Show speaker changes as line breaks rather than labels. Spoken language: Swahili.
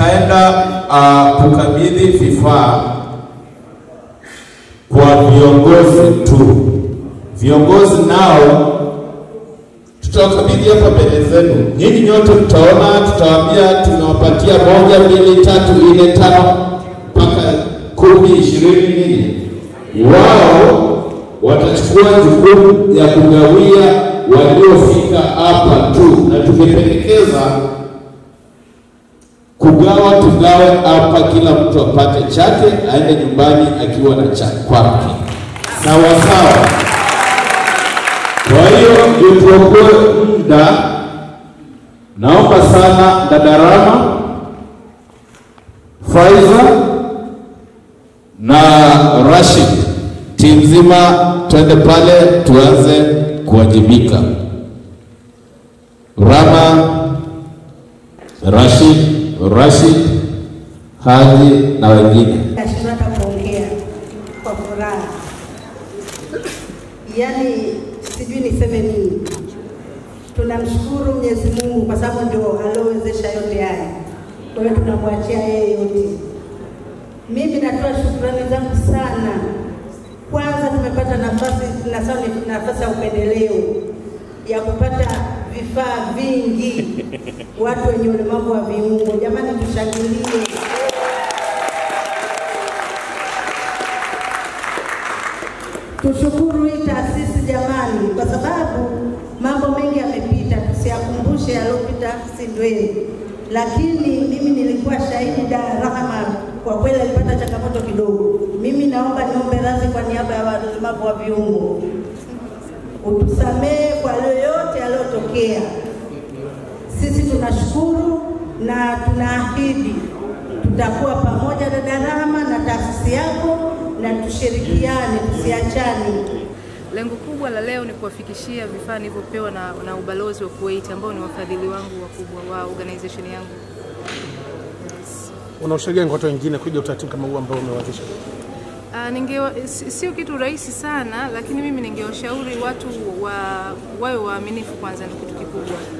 tutaenda uh, ah, kukabidhi vifaa kwa viongozi tu. Viongozi nao tutawakabidhi hapa mbele zenu, nyinyi nyote mtaona, tutawaambia tumewapatia moja, mbili, tatu, nne, tano mpaka kumi, ishirini, nini. Wao watachukua jukumu ya kugawia waliofika hapa tu, na tukipendekeza tunaomba tugawe hapa, kila mtu apate chake, aende nyumbani akiwa na cha kwake, sawa sawa. Kwa hiyo nituokoe muda, naomba sana dada Rama Faiza na Rashid, timu nzima twende pale tuanze kuwajibika. Rama Rashid Rashid Haji na wengine.
Nataka kuongea kwa furaha, yaani sijui niseme nini. Tunamshukuru Mwenyezi Mungu kwa sababu ndio aliowezesha yote haya, kwa hiyo tunamwachia yeye yote. Mimi natoa shukrani zangu sana. Kwanza tumepata nafasi nafasi ya upendeleo ya kupata vifaa vingi watu wenye ulemavu wa viungo. Jamani, tushangilie. Tushukuru hii taasisi jamani, kwa sababu mambo mengi yamepita, tusiyakumbushe yaliyopita si ndwele. Lakini mimi nilikuwa shahidi Dar Rahma, kwa kweli alipata changamoto kidogo. Mimi naomba niombe radhi kwa niaba ya walemavu wa viungo, utusamehe kwa leo yaliyotokea. Sisi tunashukuru na tunaahidi tutakuwa pamoja na Darama na taasisi yako, na tushirikiane, tusiachane.
Lengo kubwa la leo ni kuwafikishia vifaa nilivyopewa na, na ubalozi wa Kuwait ambao ni wafadhili wangu wakubwa wa organization yangu.
Yes. Unaushauri gani kwa watu wengine kuja utaratibu kama huu ambao umewaanzisha?
Uh, ah, ninge, sio kitu rahisi sana, lakini mimi ningewashauri watu wa, wawe waaminifu kwanza, ni kitu kikubwa.